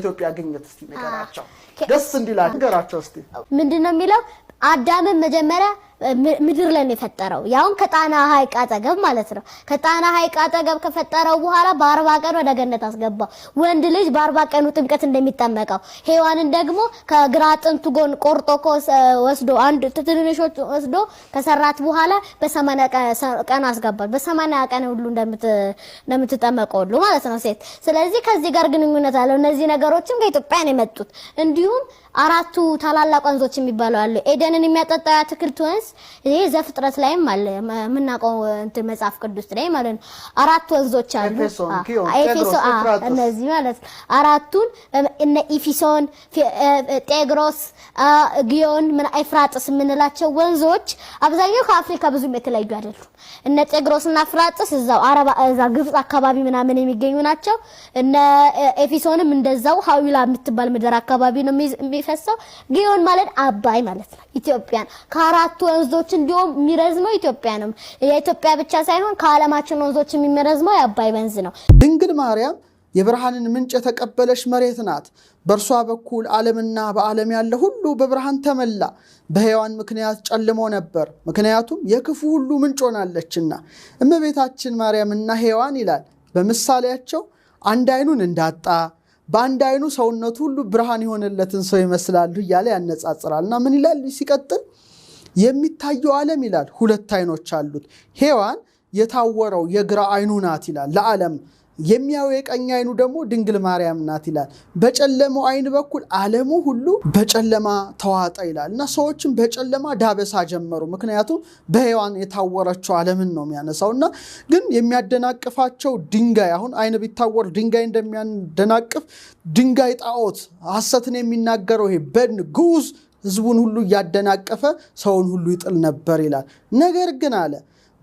ኢትዮጵያ ግኝት እስቲ ነገራቸው፣ ደስ እንዲላ ነገራቸው እስቲ ምንድን ነው የሚለው አዳምን መጀመሪያ ምድር ላይ ነው የፈጠረው፣ ያውን ከጣና ሐይቅ አጠገብ ማለት ነው። ከጣና ሐይቅ አጠገብ ከፈጠረው በኋላ በአርባ ቀን ወደ ገነት አስገባ። ወንድ ልጅ በአርባ ቀኑ ጥምቀት እንደሚጠመቀው ሔዋንን ደግሞ ከግራ ጥንቱ ጎን ቆርጦ ወስዶ አንድ ትንንሾች ወስዶ ከሰራት በኋላ በሰማንያ ቀን አስገባል። በሰማንያ ቀን ሁሉ እንደምትጠመቀው ሁሉ ማለት ነው ሴት። ስለዚህ ከዚህ ጋር ግንኙነት አለው። እነዚህ ነገሮችም ከኢትዮጵያ ነው የመጡት እንዲሁም አራቱ ታላላቅ ወንዞች የሚባለው አለ። ኤደንን የሚያጠጣ አትክልት ወንዝ ይሄ ዘፍጥረት ላይም አለ የምናውቀው እንትን መጽሐፍ ቅዱስ ላይ ማለት ነው። አራት ወንዞች አሉ። ኤፌሶ እነዚህ ማለት አራቱን እነ ኢፊሶን፣ ጤግሮስ፣ ግዮን፣ ምን ኤፍራጥስ የምንላቸው ወንዞች አብዛኛው ከአፍሪካ ብዙም የተለዩ አይደሉም። እነ ጤግሮስ እና ፍራጥስ እዛው አረባ እዛ ግብጽ አካባቢ ምናምን የሚገኙ ናቸው። እነ ኤፊሶንም እንደዛው ሀዊላ የምትባል ምድር አካባቢ ነው የሚፈሰው ግዮን ማለት አባይ ማለት ነው። ኢትዮጵያን ከአራቱ ወንዞች እንዲሁም የሚረዝመው ኢትዮጵያ ነው። የኢትዮጵያ ብቻ ሳይሆን ከዓለማችን ወንዞች የሚረዝመው የአባይ ወንዝ ነው። ድንግል ማርያም የብርሃንን ምንጭ የተቀበለች መሬት ናት። በእርሷ በኩል ዓለምና በዓለም ያለ ሁሉ በብርሃን ተመላ። በሔዋን ምክንያት ጨልሞ ነበር፣ ምክንያቱም የክፉ ሁሉ ምንጭ ሆናለችና። እመቤታችን ማርያምና ሔዋን ይላል በምሳሌያቸው አንድ አይኑን እንዳጣ በአንድ አይኑ ሰውነቱ ሁሉ ብርሃን የሆነለትን ሰው ይመስላሉ እያለ ያነጻጽራል እና ምን ይላል ሲቀጥል የሚታየው ዓለም ይላል ሁለት አይኖች አሉት ሔዋን የታወረው የግራ አይኑ ናት ይላል ለዓለም የሚያው የቀኝ አይኑ ደግሞ ድንግል ማርያም ናት ይላል። በጨለመው አይን በኩል ዓለሙ ሁሉ በጨለማ ተዋጠ ይላል እና ሰዎችም በጨለማ ዳበሳ ጀመሩ። ምክንያቱም በሔዋን የታወረችው ዓለምን ነው የሚያነሳው እና ግን የሚያደናቅፋቸው ድንጋይ አሁን አይን ቢታወር ድንጋይ እንደሚያደናቅፍ ድንጋይ ጣዖት፣ ሐሰትን የሚናገረው ይሄ በድን ግዑዝ ህዝቡን ሁሉ እያደናቀፈ ሰውን ሁሉ ይጥል ነበር ይላል። ነገር ግን አለ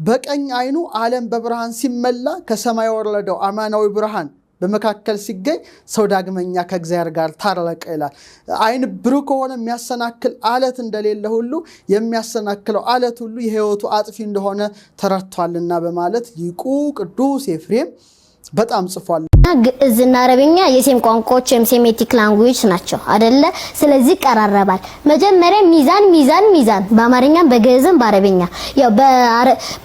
በቀኝ አይኑ ዓለም በብርሃን ሲመላ ከሰማይ ወረደው አማናዊ ብርሃን በመካከል ሲገኝ ሰው ዳግመኛ ከእግዚአብሔር ጋር ታረቀ ይላል። አይን ብሩህ ከሆነ የሚያሰናክል አለት እንደሌለ ሁሉ የሚያሰናክለው አለት ሁሉ የህይወቱ አጥፊ እንደሆነ ተረድቷልና በማለት ሊቁ ቅዱስ ኤፍሬም በጣም ጽፏል። ግዕዝና አረብኛ የሴም ቋንቋዎች ወይም ሴሜቲክ ላንጉዌጅ ናቸው አደለ? ስለዚህ ይቀራረባል። መጀመሪያ ሚዛን ሚዛን ሚዛን በአማርኛም በግዕዝም በአረብኛ ያው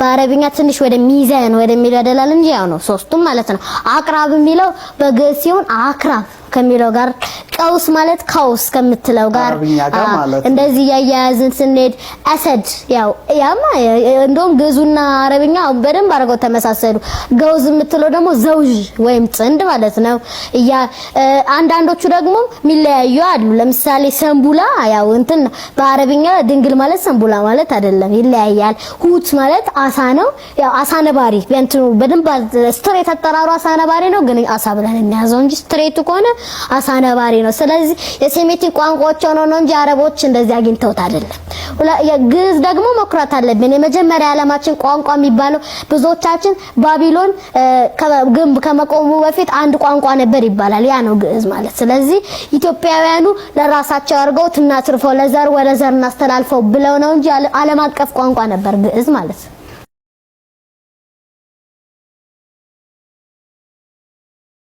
በአረብኛ ትንሽ ወደ ሚዛን ወደሚለው ያደላል እንጂ ያው ነው ሶስቱም ማለት ነው። አቅራብ የሚለው በግዕዝ ሲሆን አክራብ ከሚለው ጋር ቀውስ ማለት ካውስ ከምትለው ጋር እንደዚህ እያያያዝን ስንሄድ አሰድ ያው ያማ እንደውም ግዕዙና አረብኛ በደንብ አድርገው ተመሳሰሉ። ገውዝ የምትለው ደግሞ ዘውዥ ወይም ጥንድ ማለት ነው። እያ አንዳንዶቹ ደግሞ የሚለያዩ አሉ። ለምሳሌ ሰንቡላ ያው እንትን በአረብኛ ድንግል ማለት ሰንቡላ ማለት አይደለም፣ ይለያያል። ሁት ማለት አሳ ነው። ያው አሳ ነባሪ እንትኑ በደንብ ስትሬት አጠራሩ አሳ ነባሪ ነው፣ ግን አሳ ብለን እንያዘው እንጂ ስትሬቱ ከሆነ አሳ ነባሪ ነው። ነው። ስለዚህ የሴሜቲክ ቋንቋዎች ሆኖ ነው እንጂ አረቦች እንደዚህ አግኝተውት አይደለም። ግዕዝ ደግሞ መኩራት አለብን። የመጀመሪያ ዓለማችን ቋንቋ የሚባለው ብዙዎቻችን ባቢሎን ግንብ ከመቆሙ በፊት አንድ ቋንቋ ነበር ይባላል። ያ ነው ግዕዝ ማለት። ስለዚህ ኢትዮጵያውያኑ ለራሳቸው አድርገው ትናትርፈው ለዘር ወደ ዘር እናስተላልፈው ብለው ነው እንጂ ዓለም አቀፍ ቋንቋ ነበር ግዕዝ ማለት።